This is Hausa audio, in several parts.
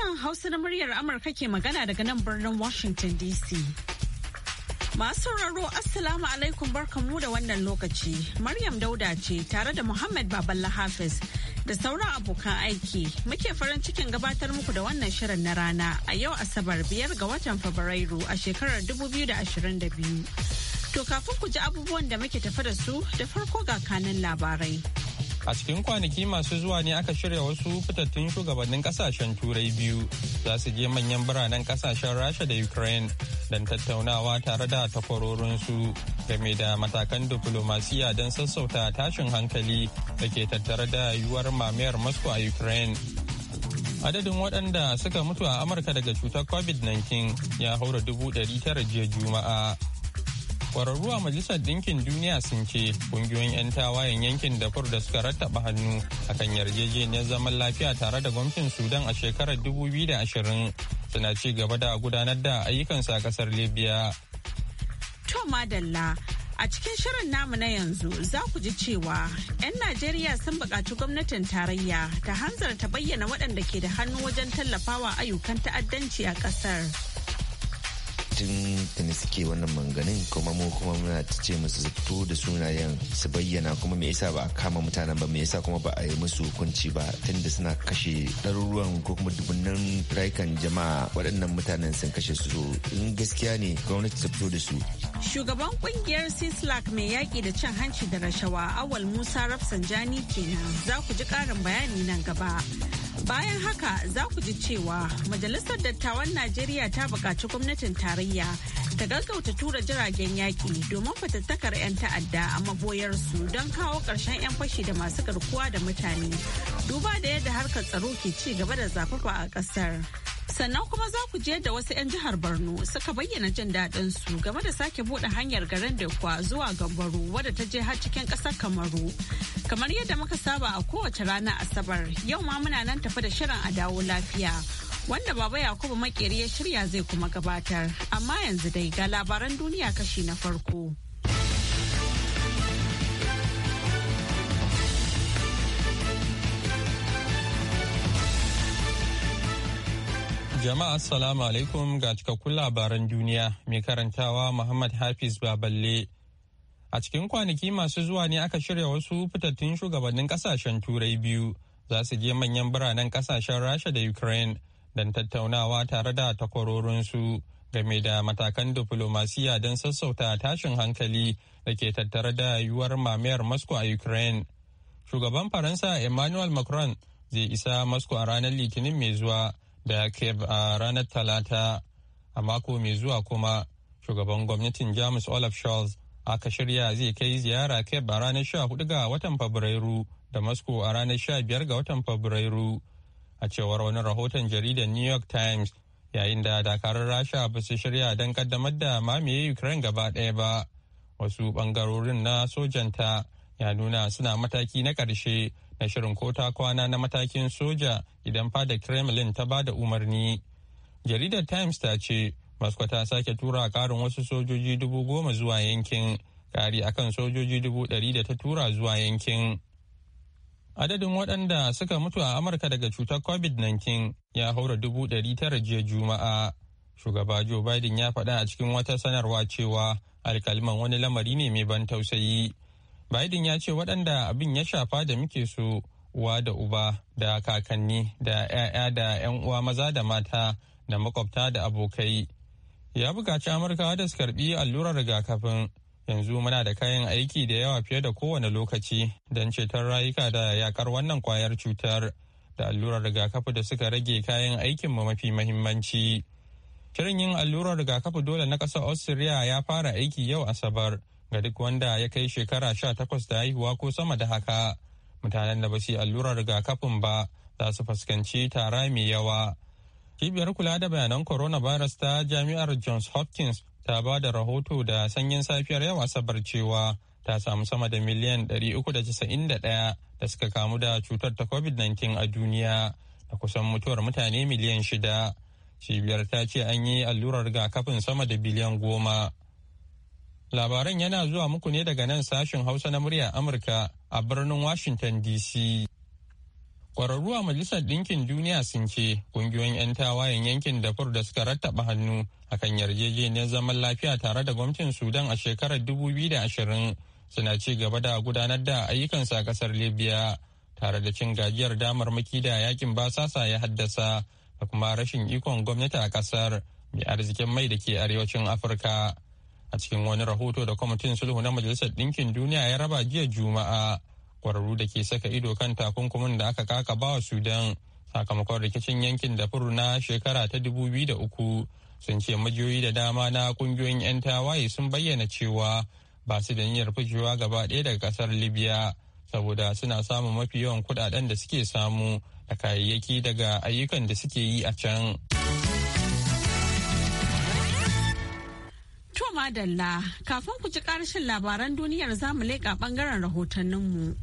Sashen Hausa na muryar Amurka ke magana daga nan birnin Washington DC. Masu sauraro Assalamu alaikum barkamu da wannan lokaci. Maryam Dauda ce tare da Muhammad Baballa Hafiz da sauran abokan aiki. Muke farin cikin gabatar muku da wannan shirin na rana a yau Asabar biyar ga watan Fabrairu a shekarar 2022. To kafin ku ji abubuwan da muke tafa da su da farko ga kanan labarai. a cikin kwanaki masu zuwa ne aka shirya wasu fitattun shugabannin kasashen turai biyu za su je manyan biranen kasashen rasha da ukraine don tattaunawa tare da takwarorinsu game da matakan diplomasiya don sassauta tashin hankali da ke tattare da yiwuwar mamayar moscow a ukraine adadin waɗanda suka mutu a amurka daga cutar covid-19 ya haura dubu ɗari tara jiya juma'a kwararru a majalisar ɗinkin duniya sun ce kungiyoyin 'yan tawayen yankin dafur da suka rattaba hannu akan yarjejeniyar zaman lafiya tare da gwamnatin sudan a shekarar 2020 suna ci gaba da gudanar da ayyukan a kasar libya to madalla a cikin shirin namu na yanzu za ku ji cewa 'yan najeriya sun bukaci gwamnatin tarayya ta hanzarta bayyana waɗanda ke da hannu wajen tallafawa ayyukan ta'addanci a ƙasar. tun tani suke wannan manganin kuma mu kuma muna ta ce musu zato da sunayen su bayyana kuma me yasa ba a kama mutanen ba me yasa kuma ba a yi musu hukunci ba tunda suna kashe ɗaruruwan ko kuma dubunnan rayukan jama'a waɗannan mutanen sun kashe su in gaskiya ne gwamnati ta fito da su. Shugaban kungiyar sislak mai yaƙi da cin hanci da rashawa Awal Musa Rafsanjani kenan za ku ji ƙarin bayani nan gaba. Bayan haka za ku ji cewa Majalisar Dattawan Najeriya ta buƙaci gwamnatin tarayya ta gaggauta tura jiragen yaƙi domin fatattakar 'yan ta'adda a maboyarsu don kawo ƙarshen 'yan fashi da masu garkuwa da mutane. Duba da yadda harkar tsaro ke ci gaba da zafafa a ƙasar. sannan kuma za ku je da wasu 'yan jihar borno suka bayyana jin daɗin su game da sake buɗe hanyar garin kwa zuwa gambaru wadda ta je har cikin ƙasar kamaru kamar yadda muka saba a kowace rana asabar yau ma muna nan tafi da shirin a dawo lafiya wanda baba yakubu makeri ya shirya zai kuma gabatar amma yanzu dai ga labaran duniya kashi na farko. Jama'a salamu alaikum ga cikakkun labaran duniya mai karantawa Muhammad Hafiz Baballe. A cikin kwanaki masu zuwa ne aka shirya wasu fitattun shugabannin kasashen turai biyu za su je manyan biranen kasashen Rasha da Ukraine don tattaunawa tare da takwarorinsu game da matakan diflomasiya don sassauta tashin hankali da ke tattare da yiwuwar mamayar Moscow a Ukraine. Shugaban Faransa Emmanuel Macron zai isa Moscow a ranar Litinin mai zuwa. da Cape a ranar Talata a mako mai zuwa kuma shugaban gwamnatin Jamus Olaf Scholz aka shirya zai kai ziyara Cape a ranar sha hudu ga watan Fabrairu da Moscow a ranar sha biyar ga watan Fabrairu a cewar wani rahoton jaridar New York Times yayin da dakarun Rasha ba su shirya don kaddamar da mamaye Ukraine gaba ɗaya ba wasu bangarorin na sojanta ya nuna suna mataki na ƙarshe na shirin ko ta kwana na matakin soja idan fada kremlin ta ba da umarni jaridar times ta ce moscow ta sake tura karin wasu sojoji dubu goma zuwa yankin kari akan sojoji dubu ɗari da ta tura zuwa yankin adadin waɗanda suka mutu a amurka daga cutar covid-19 ya haura dubu ɗari tara jiya juma'a shugaba joe biden ya faɗa a cikin wata sanarwa cewa alkaliman wani lamari ne mai ban tausayi Biden ya ce waɗanda abin ya shafa da muke so uwa da uba da kakanni da 'ya'ya da 'yan uwa maza da mata da makwabta da abokai. Ya bukaci Amurkawa da su karɓi allurar rigakafin yanzu muna da kayan aiki da yawa fiye da kowane lokaci don ceton rayuka da yakar wannan kwayar cutar da allurar rigakafi da suka rage kayan aikinmu mafi mahimmanci. Shirin yin allurar rigakafi dole na ƙasar Austria ya fara aiki yau Asabar ga duk wanda ya kai shekara sha takwas da haihuwa ko sama da haka mutanen da ba su yi allurar rigakafin ba za su fuskanci tara mai yawa cibiyar kula da bayanan corona coronavirus ta jami'ar johns hopkins ta ba da rahoto da sanyin safiyar yau asabar cewa ta samu sama da miliyan 391 da suka kamu da cutar ta covid-19 a duniya da kusan mutuwar mutane miliyan shida cibiyar ta ce an yi allurar rigakafin sama da biliyan goma Labaran yana zuwa muku ne daga nan sashen Hausa na murya Amurka a birnin Washington DC. Kwararru a Majalisar Ɗinkin Duniya sun ce ƙungiyoyin 'yan tawayen yankin fur da suka rattaba hannu a kan yarjejeniyar zaman lafiya tare da gwamnatin Sudan a shekarar 2020 suna ci gaba da gudanar da ayyukansu a kasar Libya tare da cin gajiyar damar damarmaki da yakin basasa ya haddasa da kuma rashin ikon gwamnati a ƙasar mai arzikin mai da ke arewacin Afirka. a cikin wani rahoto da kwamitin sulhu na majalisar ɗinkin duniya ya raba jiya juma'a kwararru da ke saka ido kan takunkumin da aka kaka bawa sudan sakamakon rikicin yankin da furu na shekara ta dubu biyu da uku sun ce majiyoyi da dama na kungiyoyin 'yan tawaye sun bayyana cewa ba su da niyyar fujewa gaba ɗaya daga kasar libya saboda suna samun mafi yawan kuɗaɗen da suke samu da kayayyaki daga ayyukan da suke yi a can. To madalla kafin ku ci karshen labaran duniyar zamu leƙa ɓangaren rahotanninmu.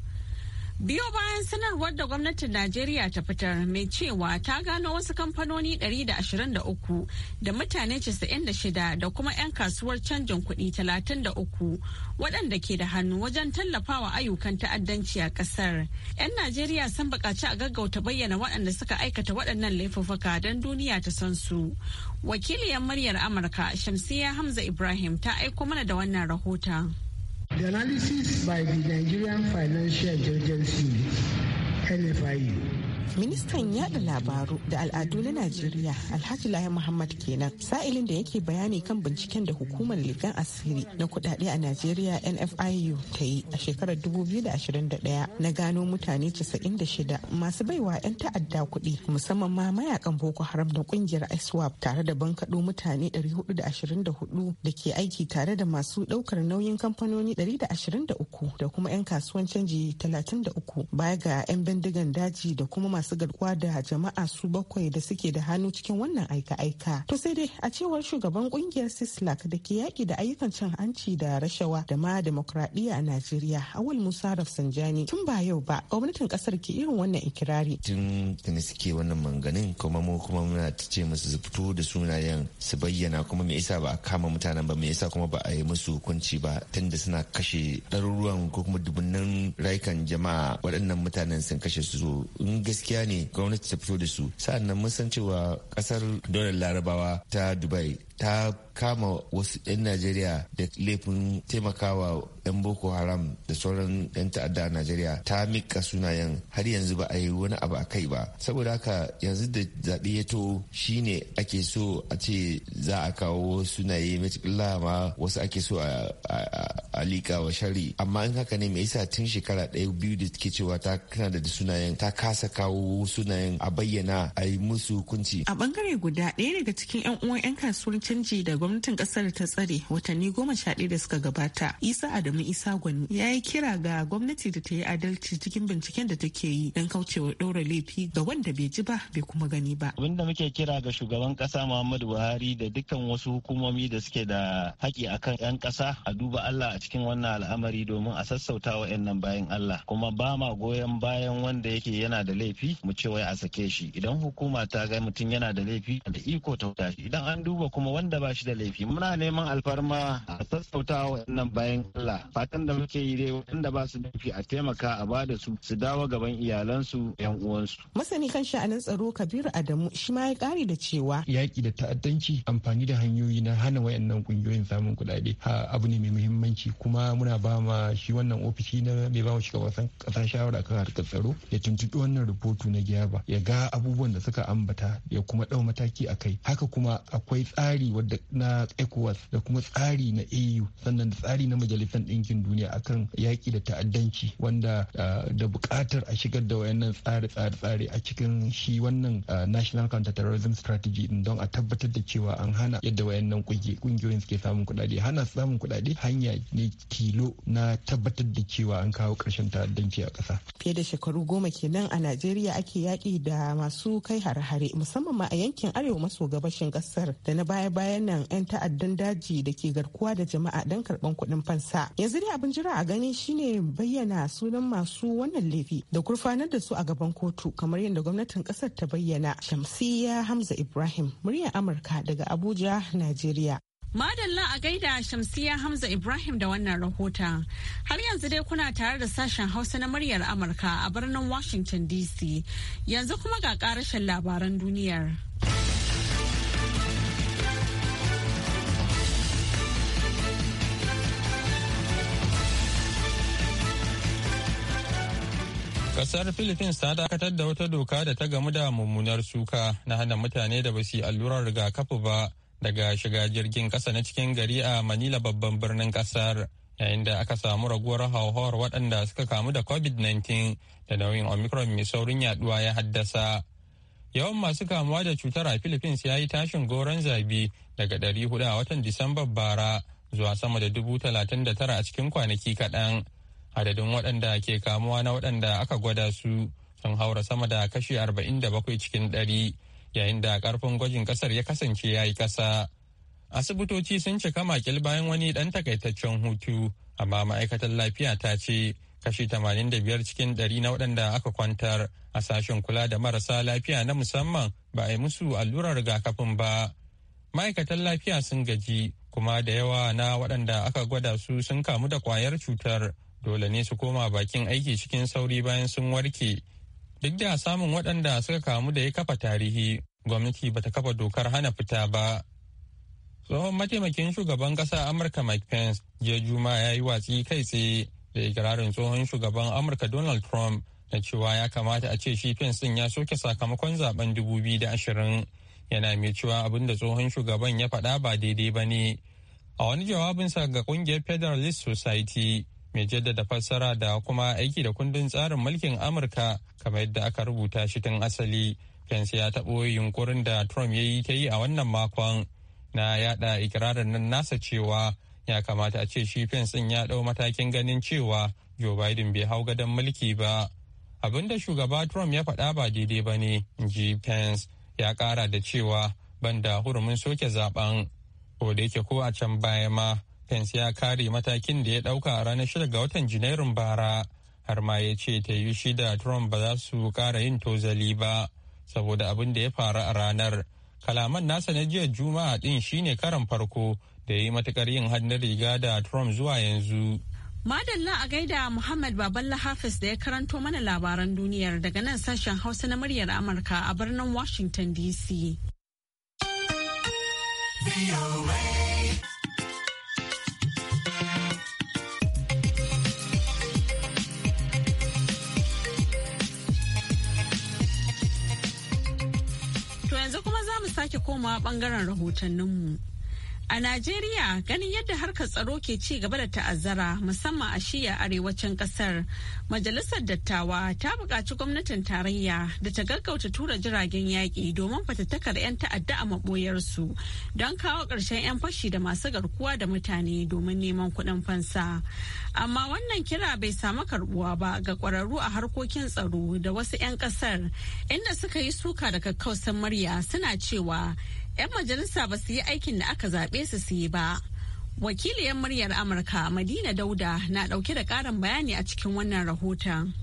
Biyo bayan sanarwar da gwamnatin Najeriya ta fitar mai cewa ta gano wasu kamfanoni 123 da mutane 96 da kuma 'yan kasuwar canjin kuɗi 33 waɗanda ke da hannu wajen tallafawa ayyukan ta'addanci a ƙasar. 'Yan Najeriya sun buƙaci a gaggauta bayyana waɗanda suka aikata waɗannan laifuffuka don duniya ta san su. Wakiliyar muryar Amurka Shamsiyya Hamza Ibrahim ta aiko mana da wannan rahoton. The analysis by the Nigerian Financial Intelligence Unit, NFIU, ministan yada labaru da al'adu na najeriya alhaji lahi muhammad kenan sa'ilin da yake bayani kan binciken da hukumar ligan asiri na kudade a najeriya nfiu ta yi a shekarar 2021 na gano mutane 96 masu baiwa 'yan ta'adda kuɗi musamman ma mayakan boko haram da kungiyar iswap tare da bankaɗo mutane 424 da ke aiki tare da masu ɗaukar nauyin kamfanoni 123 da kuma 'yan kasuwan canji 33 baya ga 'yan bindigan daji da kuma masu garkuwa da jama'a su bakwai da suke da hannu cikin wannan aika-aika. To sai dai a cewar shugaban kungiyar Sislak da ke yaƙi da ayyukan cin hanci da rashawa da ma demokradiyya a Najeriya, Awal Musa Rafsanjani tun ba yau ba gwamnatin kasar ke irin wannan ikirari. Tun tuni suke wannan manganin kuma mu kuma muna ce musu su fito da sunayen su bayyana kuma me yasa ba a kama mutanen ba me yasa kuma ba a yi musu hukunci ba tunda suna kashe ɗaruruwan ko kuma dubunnan rayukan jama'a waɗannan mutanen sun kashe su in gaske. gaskiya ne gwamnati ta fito da su sa'annan mun san cewa kasar dolar larabawa ta dubai ta kama wasu 'yan najeriya da laifin taimakawa 'yan boko haram da sauran 'yan ta'adda a najeriya ta mika sunayen har yanzu ba a yi wani abu a kai ba saboda haka yanzu da zaɓe ya to shine ake so a ce za a kawo sunaye mai ma wasu ake so a liƙa wa shari amma in haka ne mai yasa tun shekara ɗaya biyu da ke cewa ta kana da sunayen ta kasa kawo sunayen a bayyana a yi musu hukunci a bangare guda ɗaya daga cikin 'yan uwan 'yan kasuwanci. canji da gwamnatin kasar ta tsare watanni goma sha ɗaya da suka gabata isa adamu isa gwani ya yi kira ga gwamnati da ta yi adalci cikin binciken da take yi don kaucewa ɗora laifi ga wanda bai ji ba bai kuma gani ba abin da muke kira ga shugaban kasa muhammadu buhari da dukkan wasu hukumomi da suke da haƙi kan 'yan ƙasa a duba allah a cikin wannan al'amari domin a sassauta wa wa'annan bayan allah kuma ba ma goyon bayan wanda yake yana da laifi mu ce wai a sake shi idan hukuma ta ga mutum yana da laifi da iko ta idan an duba kuma wanda ba shi da laifi muna neman alfarma a sassauta waɗannan bayan Allah fatan da muke yi dai wanda ba su laifi a taimaka a ba da su su dawo gaban iyalansu yan uwansu masani kan sha'anin tsaro Kabiru Adamu shi ma ya kare da cewa yaki da ta'addanci amfani da hanyoyi na hana wayannan kungiyoyin samun kuɗaɗe abu ne mai muhimmanci kuma muna ba ma shi wannan ofishi na mai ba mu shugaban kasa shawara kan harkar tsaro ya tuntuɓi wannan rubutu na gyaba ya ga abubuwan da suka ambata ya kuma ɗau mataki a kai haka kuma akwai tsari tsari wadda na ECOWAS da kuma tsari na AU sannan da tsari na Majalisar Ɗinkin Duniya akan yaƙi da ta'addanci wanda ah, da buƙatar a shigar da wayannan tsare-tsare tsare a cikin shi wannan ah, National Counter-Terrorism Strategy din don a tabbatar da cewa an hana yadda wayannan kungiyoyin suke samun kuɗaɗe hana samun kuɗaɗe hanya ne tilo na tabbatar da cewa an kawo ƙarshen ta'addanci a ƙasa. Fiye da shekaru goma kenan a Najeriya ake yaƙi da masu kai hare-hare musamman ma a yankin arewa maso gabashin ƙasar da na baya bayan nan 'yan ta'addan daji da ke garkuwa da jama'a don karban kuɗin fansa yanzu dai abin jira a gani shine bayyana sunan masu wannan laifi da gurfanar da su a gaban kotu kamar yadda gwamnatin ƙasar ta bayyana shamsiya hamza ibrahim murya amurka daga abuja najeriya Madalla a gaida Shamsiya Hamza Ibrahim da wannan rahota. Har yanzu dai kuna tare da sashen Hausa na muryar Amurka a birnin Washington DC. Yanzu kuma ga karashin labaran duniyar. Kasar Philippines ta dakatar da wata doka da ta gamu da mummunar suka na hana mutane da basu yi allurar rigakafi ba daga shiga jirgin kasa na cikin gari a Manila babban birnin kasar yayin da aka samu raguwar hauhawar waɗanda suka kamu da COVID-19 da nauyin Omicron mai saurin yaduwa ya haddasa. Yawan masu kamuwa da cutar a Philippines ya yi tashin goron zabi daga 400 a watan Disambar bara zuwa sama da tara a cikin kwanaki kaɗan. adadin waɗanda ke kamuwa na waɗanda aka gwada su sun haura sama da kashi 47 cikin ɗari yayin da ƙarfin gwajin ƙasar ya kasance ya yi ƙasa. asibitoci sun cika makil bayan wani ɗan takaitaccen hutu amma ma'aikatar lafiya ta ce kashi 85 cikin ɗari na waɗanda aka kwantar a sashen kula da marasa lafiya na musamman ba a yi musu allurar rigakafin ba ma'aikatan lafiya sun gaji kuma da yawa na waɗanda aka gwada su sun kamu da kwayar cutar dole ne su koma bakin aiki cikin sauri bayan sun warke duk da samun waɗanda suka kamu da ya kafa tarihi gwamnati bata kafa dokar hana fita ba tsohon mataimakin shugaban ƙasa amurka mike pence jiya juma ya yi watsi kai tsaye da ikirarin tsohon shugaban amurka donald trump na cewa ya kamata a ce shi pence ɗin ya soke sakamakon zaben ashirin. yana mai cewa abin da tsohon shugaban ya faɗa ba daidai ba ne a wani jawabinsa ga ƙungiyar federalist society mai jaddada fassara da kuma aiki da kundin tsarin mulkin amurka kamar yadda aka rubuta shi tun asali pence ya taɓo yunkurin da trump ya yi ta yi a wannan makon na yada ikirarin nan nasa cewa ya kamata a ce shi pence ya ɗau matakin ganin cewa joe biden bai hau gadon mulki ba abin da shugaba trump ya faɗa ba daidai ba ne ji pence ya ƙara da cewa ban da hurumin soke zaben ko da yake ko a can baya ma Pence ya kare matakin da ya ɗauka a ranar shida ga watan Janairun bara, har ma ya ce ta yi shi da Trump ba za su kara yin tozali ba, saboda abin da ya faru a ranar. Kalaman nasa na jiya Juma'a ɗin shine karan farko da ya yi matukar yin hannun riga da Trump zuwa yanzu. Madalla a gaida Muhammad Baballa Hafiz da ya karanto mana labaran duniyar daga nan sashen Hausa na muryar Amurka a birnin Washington DC. sake komawa bangaren rahotanninmu. A Najeriya ganin yadda harkar tsaro ke ci gaba da ta'azzara musamman a shiya arewacin kasar. Majalisar Dattawa ta buƙaci gwamnatin tarayya da ta gaggauta tura jiragen yaƙi domin fatattakar 'yan ta'adda a maɓoyarsu don kawo ƙarshen 'yan fashi da masu garkuwa da mutane domin neman kuɗin fansa. Amma wannan kira bai samu karɓuwa ba ga ƙwararru a harkokin tsaro da wasu 'yan ƙasar inda suka yi suka da kakkausan murya suna cewa 'yan majalisa ba su yi aikin da aka zaɓe su su yi ba. Wakiliyar muryar Amurka Madina Dauda na ɗauke da ƙarin bayani a cikin wannan rahoton.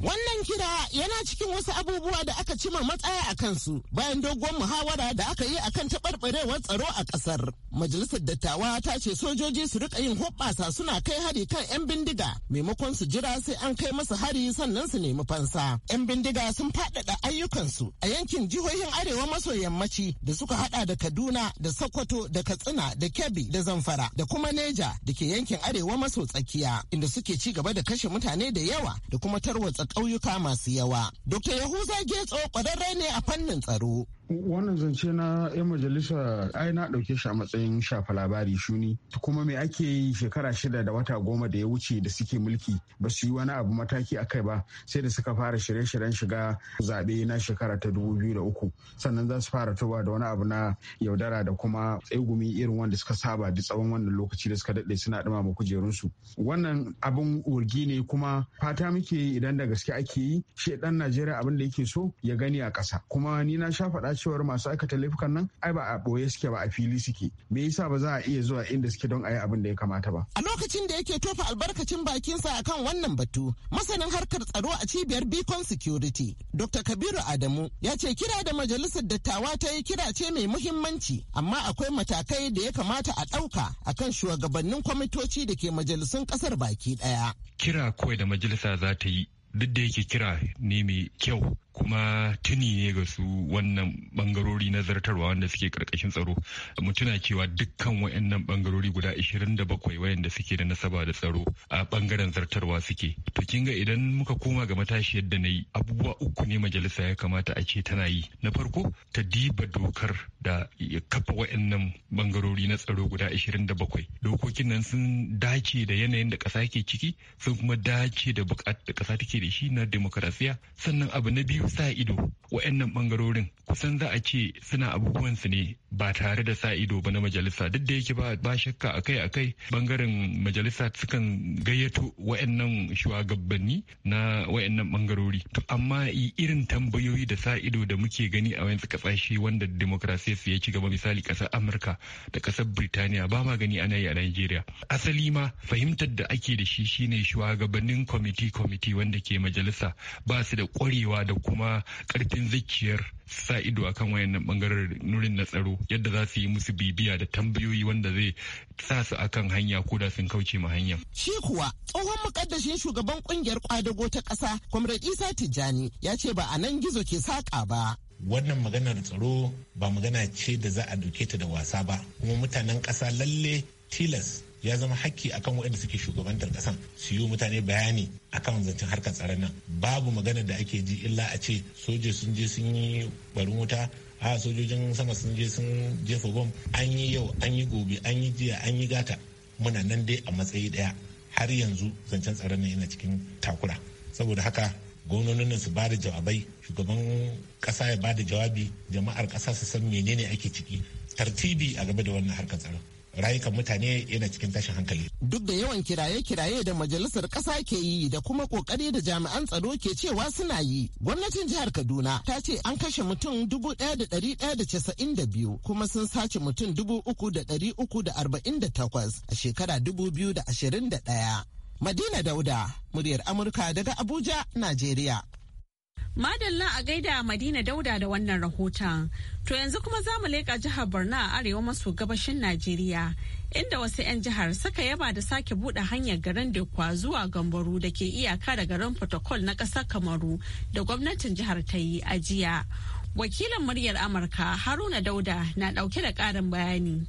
Wannan kira yana cikin wasu abubuwa da aka cima matsaya a kansu bayan doguwar muhawara da aka yi akan taɓarɓarewar tsaro a ƙasar. Majalisar dattawa ta ce sojoji su rika yin hoɓɓasa suna kai hari kan 'yan bindiga maimakon su jira sai an kai masa hari sannan su nemi fansa. 'Yan bindiga sun faɗaɗa ayyukansu a yankin jihohin arewa maso yammaci da suka haɗa da Kaduna da Sokoto da Katsina da Kebbi da Zamfara da kuma Neja da ke yankin arewa maso tsakiya inda suke ci gaba da kashe mutane da yawa da kuma tarwatsa ƙauyuka masu yawa. Dr. Yahuza Getso ƙwararre ne a fannin tsaro wannan zance na 'yan majalisa ai na ɗauke shi a matsayin shafa labari shuni kuma me ake yi shekara shida da wata goma da ya wuce da suke mulki ba su yi wani abu mataki a kai ba sai da suka fara shirye-shiryen shiga zaɓe na shekara ta uku sannan za su fara tuba da wani abu na yaudara da kuma tsegumi irin wanda suka saba da tsawon wannan lokaci da suka daɗe suna ɗumama kujerunsu wannan abin wurgi ne kuma fata muke idan da gaske ake yi shi ɗan najeriya abin da yake so ya gani a ƙasa kuma ni na sha faɗa cewar masu aikata laifukan nan ai ba a ɓoye suke ba a fili suke me yasa ba za a iya zuwa inda suke don a yi abin da ya kamata ba a lokacin da yake tofa albarkacin bakinsa akan wannan batu masanin harkar tsaro a cibiyar beacon security dr kabiru adamu ya ce kira da majalisar dattawa ta yi kira ce mai muhimmanci amma akwai matakai da ya kamata a ɗauka akan shugabannin kwamitoci da ke majalisun kasar baki ɗaya kira kawai da majalisa za ta yi duk da yake kira ne mai kyau kuma tuni ne ga su wannan bangarori na zartarwa wanda suke karkashin tsaro mu tuna cewa dukkan wayannan bangarori guda 27 wayanda suke da nasaba da tsaro a bangaren zartarwa suke to kin ga idan muka koma ga matashi yadda na yi abubuwa uku ne majalisa ya kamata a ce tana yi na farko ta diba dokar da ya kafa wayannan bangarori na tsaro guda 27 dokokin nan sun dace da yanayin da ƙasa ke ciki sun kuma dace da bukatar da kasa take da shi na dimokarasiya sannan abu na biyu sa ido wa'annan bangarorin kusan za a ce suna abubuwan su ne ba tare da sa ido ba na majalisa duk da yake ba shakka akai akai bangaren majalisa sukan gayyato wa'annan shugabanni na wa'annan bangarori to amma irin tambayoyi da sa ido da muke gani a wayansu kasashe wanda demokrasiya su ya ci gaba misali kasar Amurka da kasar Birtaniya ba ma gani ana yi a nigeria asali ma fahimtar da ake da shi shine shugabannin kwamiti kwamiti wanda ke majalisa ba su da kwarewa da kuma kuma karfin zikiyar sa ido akan wayannan bangaren nurin na tsaro yadda za su yi musu bibiya da tambayoyi wanda zai sa su kan hanya ko da sun kauce ma hanya. Shi kuwa tsohon mukaddashin shugaban kungiyar kwadago ta kasa Comrade Isa Tijjani ya ce ba a nan gizo ke saƙa ba. wannan maganar tsaro ba magana ce da za a dauke ta da wasa ba kuma mutanen kasa lalle tilas ya zama hakki akan waɗanda suke shugabantar ƙasan su yi mutane bayani akan zancen harkar tsaron nan babu magana da ake ji illa a ce soja sun je sun yi barin wuta a sojojin sama sun je sun jefa bom an yi yau an yi gobe an yi jiya an yi gata muna nan dai a matsayi ɗaya har yanzu zancen tsaron nan yana cikin takura saboda haka gwamnonin su ba da jawabai shugaban ƙasa ya ba da jawabi jama'ar ƙasa su san menene ake ciki tartibi a gaba da wannan harkar tsaron rayukan mutane yana cikin tashin hankali. Duk da yawan kiraye-kiraye da majalisar ƙasa ke yi da kuma ƙoƙari da jami'an tsaro ke cewa suna yi, gwamnatin jihar Kaduna ta ce an kashe mutum dubu ɗaya da ɗari ɗaya da casa'in da biyu kuma sun sace mutum dubu uku da ɗari uku da arba'in da takwas a shekara dubu biyu da ashirin da ɗaya. Madina Dauda, muryar Amurka daga Abuja, Najeriya. Madalla a gaida Madina Dauda da wannan rahoton. To yanzu kuma za mu leƙa jihar Borno a arewa maso gabashin Najeriya, inda wasu 'yan jihar suka yaba da sake buɗe hanyar garin Dekwa zuwa Gambaru da ke iyaka da garin Protocol na ƙasar Kamaru da gwamnatin jihar ta yi a jiya. Wakilin muryar Amurka Haruna Dauda na ɗauke da ƙarin bayani.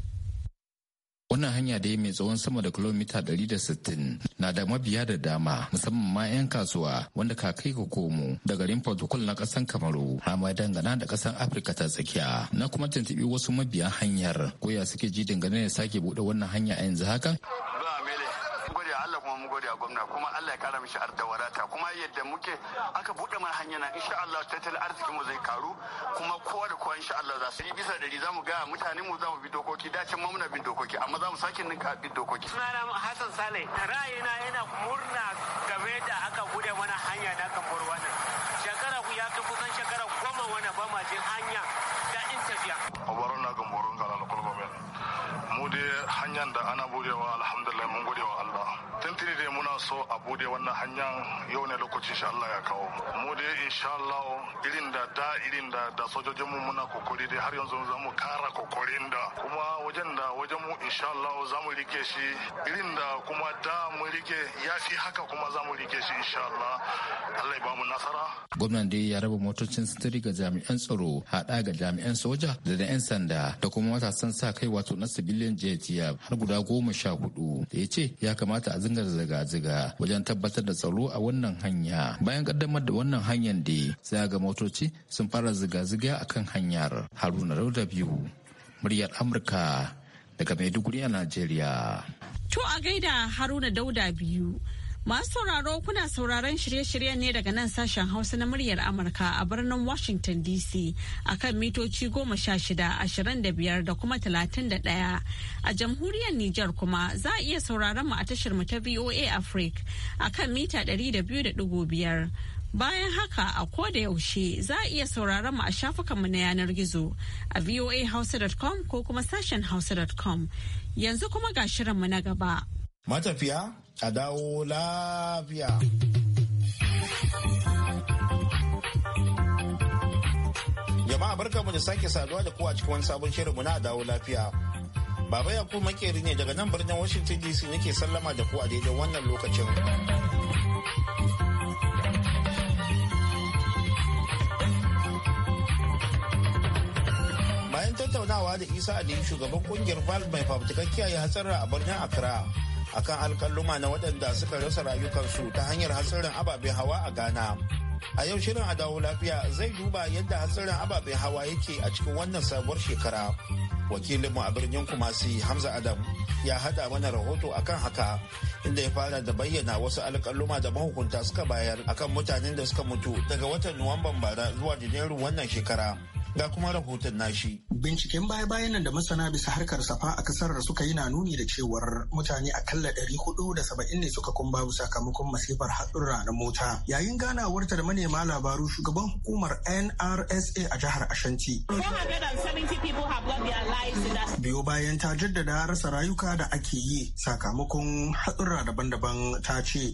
Wannan hanya dai mai tsawon sama da kilomita 160 na da mabiya da dama musamman ma 'yan kasuwa wanda ka kai ka komo da garin Portugal na kasan Kamaru har ma dangana da kasan Afirka ta tsakiya. Na kuma tuntubi wasu mabiya hanyar koya suke ji dangane da sake buɗe wannan hanya a yanzu haka. gode a gwamna kuma Allah ya kara mishi ardawarata kuma yadda muke aka buɗe mana hanya na insha Allah tattalin arzikin mu zai karu kuma kowa da kowa insha Allah za su yi bisa dari za mu ga mutane mu za mu bi dokoki dacin mu muna bin dokoki amma za mu sake ninka bin dokoki. Sunana Hassan Sale ra'ayina yana murna game da aka buɗe mana hanya da aka bar wannan shekara ya fi kusan shekara goma wani ba ma jin hanya da interview abaron na ga gamboron kala da kulba mu dai hanyar da ana buɗewa alhamdulillah mun gode tiri da muna so a bude wannan hanyar yau ne lokacin insha Allah ya kawo mu dai insha Allah irin da da irin da da sojojin mu muna kokori dai har yanzu za mu kara kokorin da kuma wajen da wajen mu insha Allah za mu rike shi irin da kuma da mu rike ya fi haka kuma za mu rike shi insha Allah Allah ya ba mu nasara gwamnan dai ya raba motocin sitiri ga jami'an tsaro hada ga jami'an soja da da 'yan sanda da kuma matasan sa kai wato na civilian JTF har guda goma sha hudu da ya ce ya kamata a zinga zirga-zirga wajen tabbatar da tsaro a wannan hanya bayan kaddamar da wannan hanyar da za ga motoci sun fara zirga-zirga a kan hanyar haruna rauda biyu muryar amurka daga maiduguri a nigeria. to a gaida haruna dauda biyu Masu sauraro kuna sauraron shirye-shiryen ne daga nan sashen Hausa na muryar Amurka a birnin Washington DC a kan mitoci goma sha shida ashirin da biyar da kuma talatin da ɗaya. A jamhuriyar Nijar kuma za a iya sauraron mu a tashar mu ta VOA Africa a kan mita ɗari da biyu da ɗigo biyar. Bayan haka a koda yaushe za a iya sauraron mu a shafukanmu na yanar gizo a voahausa.com ko kuma sashen hausa.com. Yanzu kuma ga shirinmu na gaba. matafiya a dawo lafiya. Jama'a barkamu da sake saduwa da kowa cikin wani sabon shirinmu na dawo lafiya. Baba Yakubu makeri ne daga nan birnin Washington DC nake sallama da ku a daidai wannan lokacin. Bayan tattaunawa da Isa Ali shugaban kungiyar Valve mai fafutukan kiyaye hatsarra a birnin Accra. akan alkaluma na waɗanda suka rasa rayukansu ta hanyar hatsarin ababen hawa a Ghana. A yau shirin a dawo lafiya zai duba yadda hatsarin ababen hawa yake a cikin wannan sabuwar shekara. Wakilinmu a birnin Kumasi Hamza Adam ya hada mana rahoto akan haka inda ya fara da bayyana wasu alkaluma da mahukunta suka bayar akan mutanen da suka mutu daga watan Nuwamban bara zuwa Janairu wannan shekara. ga kuma rahoton nashi. Binciken baya-bayan nan da masana bisa harkar safa a kasar suka yi na nuni da cewar mutane akalla ɗari hudu da saba'in ne suka kun babu sakamakon masifar haɗurra na mota. Yayin ganawar ta da manema labaru shugaban hukumar NRSA a jihar Ashanti. Biyo bayan ta jaddada rasa rayuka da ake yi sakamakon haɗurra daban-daban ta ce.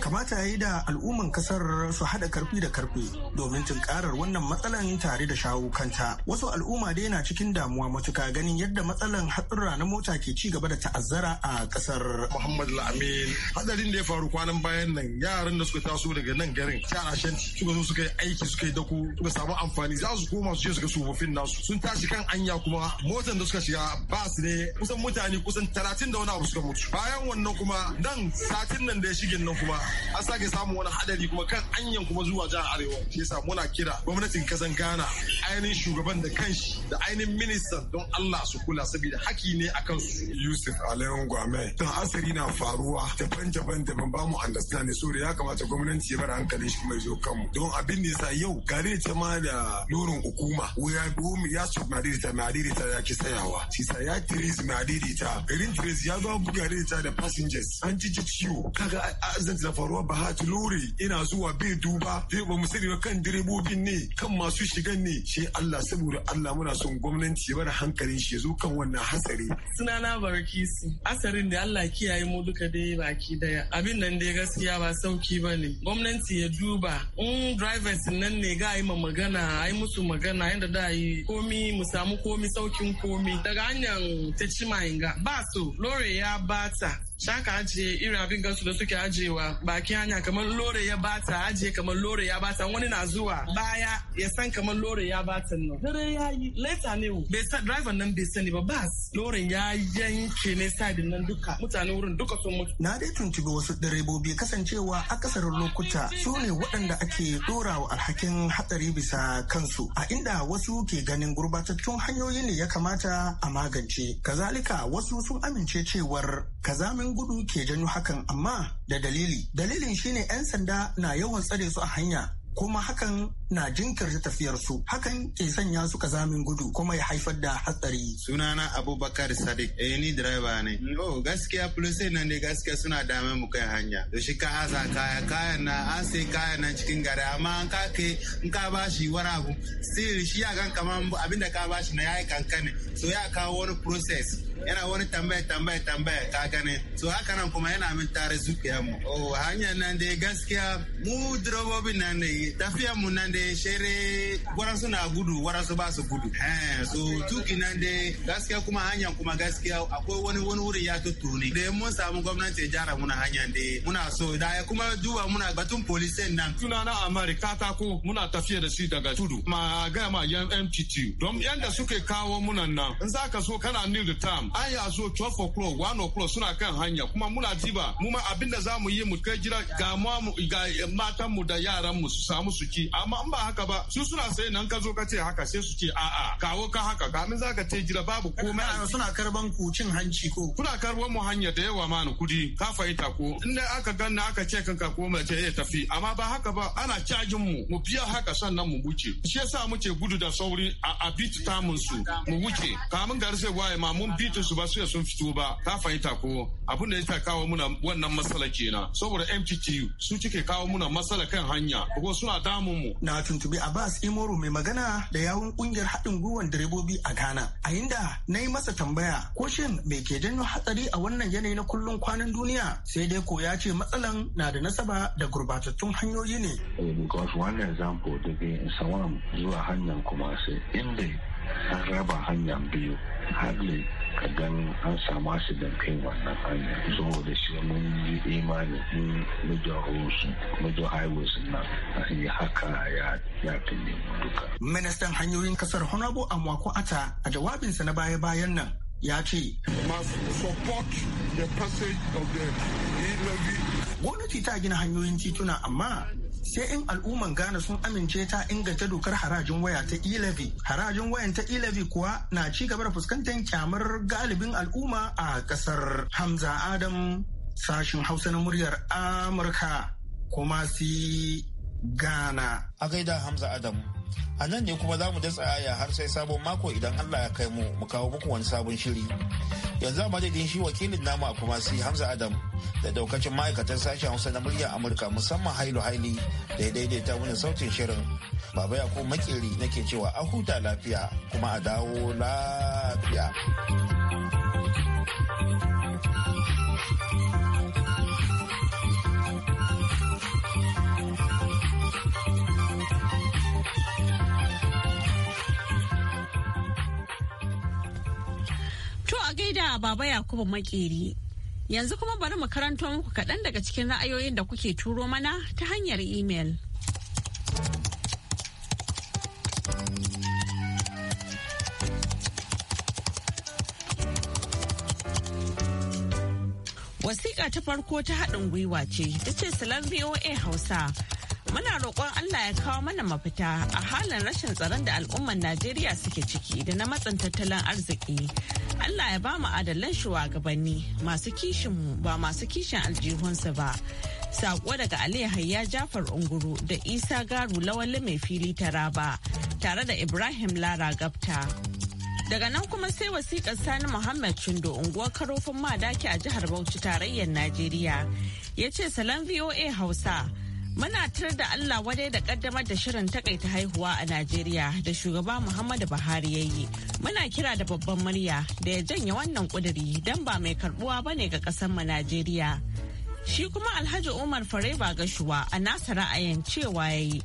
Kamata ya yi da al'umman kasar su haɗa karfi da karfe domin tunkarar wannan matsalan domin tare da shawo kanta wasu al'umma dai na cikin damuwa matuka ganin yadda matsalan hatsura na mota ke ci gaba da ta'azzara a kasar muhammad lamin hadarin da ya faru kwanan bayan nan yaran da suka taso daga nan garin yara suka zo suka yi aiki suka yi dako suka samu amfani za su koma su je su ga tsofaffin nasu sun tashi kan anya kuma motan da suka shiga ba su ne kusan mutane kusan talatin da wani abu suka mutu bayan wannan kuma nan satin nan da ya shige nan kuma an sake samun wani hadari kuma kan anyan kuma zuwa jihar arewa shi yasa muna kira gwamnatin kasan gana ghana ainihin shugaban da kanshi da ainihin ministan don allah su kula saboda haki ne a kansu yusuf alayan gwame don asiri na faruwa daban daban daban ba mu understand so da ya kamata gwamnati ya bar hankalin shi mai zo kanmu don abin da sa yau gare ta ma da lorin hukuma wuya gomi ya su madirita madirita ya ki tsayawa shi sa ya tires madirita garin tiris ya zo gare ta da passengers an ji ciwo kaga azanta na faruwa ba ha lori ina zuwa bai duba ba mu sani kan direbobin ne kan masu su shigan ne shi Allah saboda Allah muna son gwamnati ya bar hankalin shi ya zo kan wannan hatsari. Sunana su asarin da Allah kiyaye mu duka dai baki daya. Abin nan dai gaskiya ba sauki ba ne. Gwamnati ya duba in drivers nan ne ga yi ma magana, a musu magana yadda da yi komi mu samu komi saukin komi. Daga hanyar ta ci ba so, lore ya bata. shaka ajiye irin abin gansu da suke ajiyewa baki hanya kamar lore ya bata ajiye kamar lore ya bata wani na zuwa baya ya san kamar lore ya bata nan dare ya yi leta ne bai sa driver nan bai sani ba bas lore ya yanke ne side nan duka mutane wurin duka sun mutu na dai tuntubi wasu direbobi kasancewa akasarin lokuta su ne waɗanda ake dorawa alhakin hatsari bisa kansu a inda wasu ke ganin gurbatattun hanyoyi ne ya kamata a magance kazalika wasu sun amince cewar kazamin ƙaramin gudu ke janyo hakan amma da dalili. Dalilin shine 'yan sanda na yawan tsare su a hanya kuma hakan na jinkirta tafiyarsu hakan ke sanya su kazamin gudu kuma ya haifar da hatsari. sunana abubakar sadiq eh ni driver ne oh gaskiya police nan ne gaskiya suna dame mu kai hanya to shi ka asa kaya kaya na an kaya kayan na cikin gari amma an ka ke in ka bashi wani abu sai shi ya kan kamar abinda ka bashi na yayi kankane so ya kawo wani process yana wani tambaya tambaya tambaya ka gane so haka nan kuma yana min tare zuciya mu oh hanyar nan da gaskiya mu drobobi nan ne tafiya mu nan da shere waran na gudu su ba su gudu eh so tuki nan da gaskiya kuma hanyar kuma gaskiya akwai wani wani wuri ya tuttune da mun samu gwamnati ya jara muna hanyar da muna so da ya kuma duba muna batun police nan tunana ta ko muna tafiya da shi daga tudu ma ga ma yan MTT don yanda suke kawo munan nan in zaka so kana new the term an ya zo 12 o'clock 1 o'clock suna kan hanya kuma muna diba mu ma abin da zamu yi mu kai jira ga ga matan mu da yaran mu su samu su ci amma in ba haka ba su suna sai nan ka zo ka ce haka sai su ce a'a kawo ka haka kamin zaka ce jira babu komai suna karban ku cin hanci ko kuna karban mu hanya da yawa ma kudi ka fahimta ko in dai aka ganna aka ce ka ko ce ya eh, tafi amma ba haka ba ana cajin mu mu biya haka sannan mu wuce shi yasa muke gudu da sauri a bit tamun su mu wuce kamun garin waye ma mun bit haƙƙin su ba su sun fito ba ta fahimta ko abin da yasa kawo muna wannan matsala kenan saboda MTTU su cike kawo muna matsala kan hanya ko suna damun mu na tuntubi Abbas Imoro mai magana da yawun kungiyar haɗin gwiwar direbobi a Ghana a inda na yi masa tambaya ko shin me ke janyo hatsari a wannan yanayi na kullun kwanan duniya sai dai ko ya ce matsalan na da nasaba da gurbatattun hanyoyi ne. Eh, because one example daga Sawam zuwa hanyar sai inda an raba hanyar biyu hardly ka gan an samu accident kai wannan hanyar da shi mun yi imani in major highways na yi haka ya yakin ne duka. ministan hanyoyin kasar honorable amwako ata a jawabinsa na baya-bayan nan ya ce e gwamnati ta gina hanyoyin tituna amma sai in al'umman Ghana sun amince ta inganta dokar harajin waya ta e Harajin wayan ta e kuwa na ci gaba da fuskantar kyamar galibin al'umma a kasar Hamza Adam sashin Hausa na muryar Amurka kuma si Ghana. A gaida Hamza Adam. A nan ne kuma za mu dasa aya har sai sabon mako idan Allah ya kai mu mu kawo muku wani sabon shiri. Yanzu a madadin shi wakilin nama a Kumasi Hamza Adam da daukacin ma'aikatan sashen Hausa na muryar Amurka musamman Hailu Haili da ya daidaita wani sautin shirin. Baba Yakubu Makeri nake cewa a huta lafiya kuma a dawo lafiya. gaida baba Yakubu makeri. Yanzu kuma bari mu karanto muku kaɗan daga cikin ra'ayoyin da kuke turo mana ta hanyar imel. Wasiƙa ta farko ta haɗin gwiwa ce, ta ce salar VOA Hausa. Muna roƙon Allah ya kawo mana mafita a halin rashin tsaron da al'umman Najeriya suke ciki da na matsin tattalin arziki. Allah ya ba mu adalan shugabanni masu kishin mu ba masu kishin aljihunsa ba. Sako daga Ali Hayya Jafar Unguru da Isa Garu Lawali mai fili Taraba tare da Ibrahim Lara Gabta. Daga nan kuma sai wasiƙar Sani Muhammad Chindo unguwar karofin madaki a jihar Bauchi tarayyar Najeriya. Ya ce salon VOA Hausa. Muna tur da Allah wadai da kaddamar da shirin takaita haihuwa a Najeriya da shugaba Muhammadu Buhari ya yi. Muna kira da babban murya da ya janye wannan kuduri don ba mai karbuwa ba ne ga mu Najeriya. Shi kuma Alhaji Umar Fareba Gashuwa a nasa ra'ayin cewa ya yi.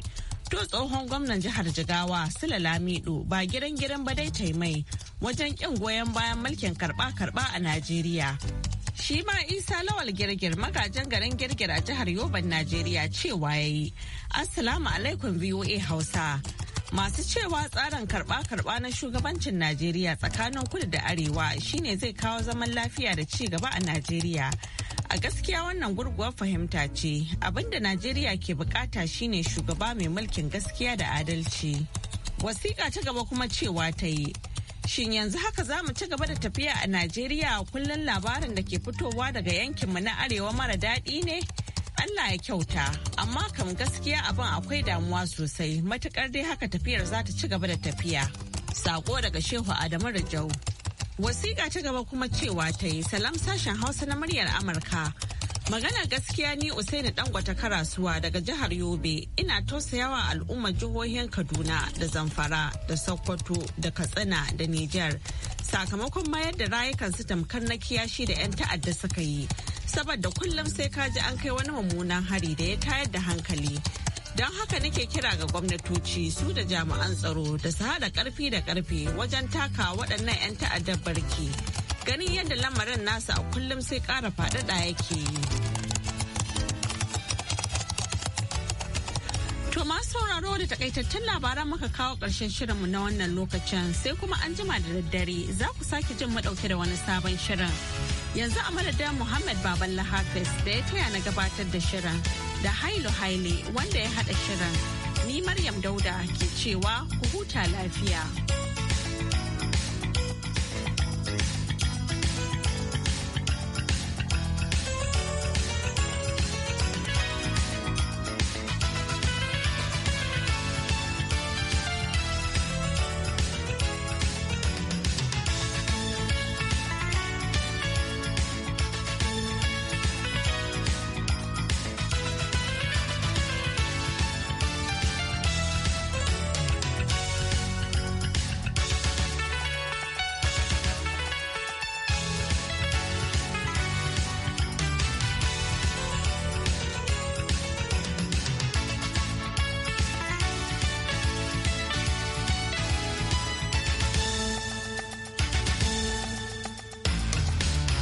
To tsohon gwamnan jihar Jigawa Sula Lamido ba gidan gidan ba dai taimai wajen kin goyon bayan mulkin karba-karba a Najeriya. Shi ma Isa Lawal Girgir magajin garin Girgir a jihar Yoban Najeriya cewa ya yi. Assalamu alaikum VOA Hausa. Masu cewa tsarin karɓa-karɓa na shugabancin Najeriya tsakanin kudu da arewa shine zai kawo zaman lafiya da ci gaba a Najeriya. A gaskiya wannan gurguwar fahimta ce abinda Najeriya ke bukata shine shugaba mai mulkin gaskiya da adalci. Wasiƙa ta gaba kuma cewa ta yi, Shin yanzu haka za mu ci gaba da tafiya a Najeriya kullum labarin da ke fitowa daga yankinmu na arewa mara daɗi ne? Allah ya kyauta, amma kam gaskiya abin akwai damuwa sosai matukar dai haka tafiyar za ta ci gaba da tafiya. Sako daga Shehu Adamu Rajau. Wasiƙa ta gaba kuma cewa ta yi salam sashen Hausa na muryar Amurka. Magana gaskiya ni Usaini Dangwata Karasuwa daga jihar Yobe ina tausayawa al'ummar jihohin Kaduna da Zamfara da Sokoto da Katsina da Nijar sakamakon mayar da rayukansu tamkar na kiyashi da 'yan ta'adda suka yi. Saboda kullum sai ka ji an kai wani mummunan hari da ya tayar da hankali. Don haka nake kira ga gwamnatoci su da jami'an tsaro da su haɗa ƙarfi da ƙarfe wajen taka waɗannan 'yan ta'addar barki. ganin yadda lamarin nasa a kullum sai ƙara faɗaɗa yake yi. To ma sauraro da takaitattun labaran muka kawo ƙarshen shirinmu na wannan lokacin sai kuma an jima da daddare za ku sake jin madauke da wani sabon shirin. Yanzu a madadin Muhammad baban lahafis da ya taya na gabatar da shirin da Hailu Haile wanda ya haɗa shirin. Ni Maryam Dauda ke cewa ku huta lafiya.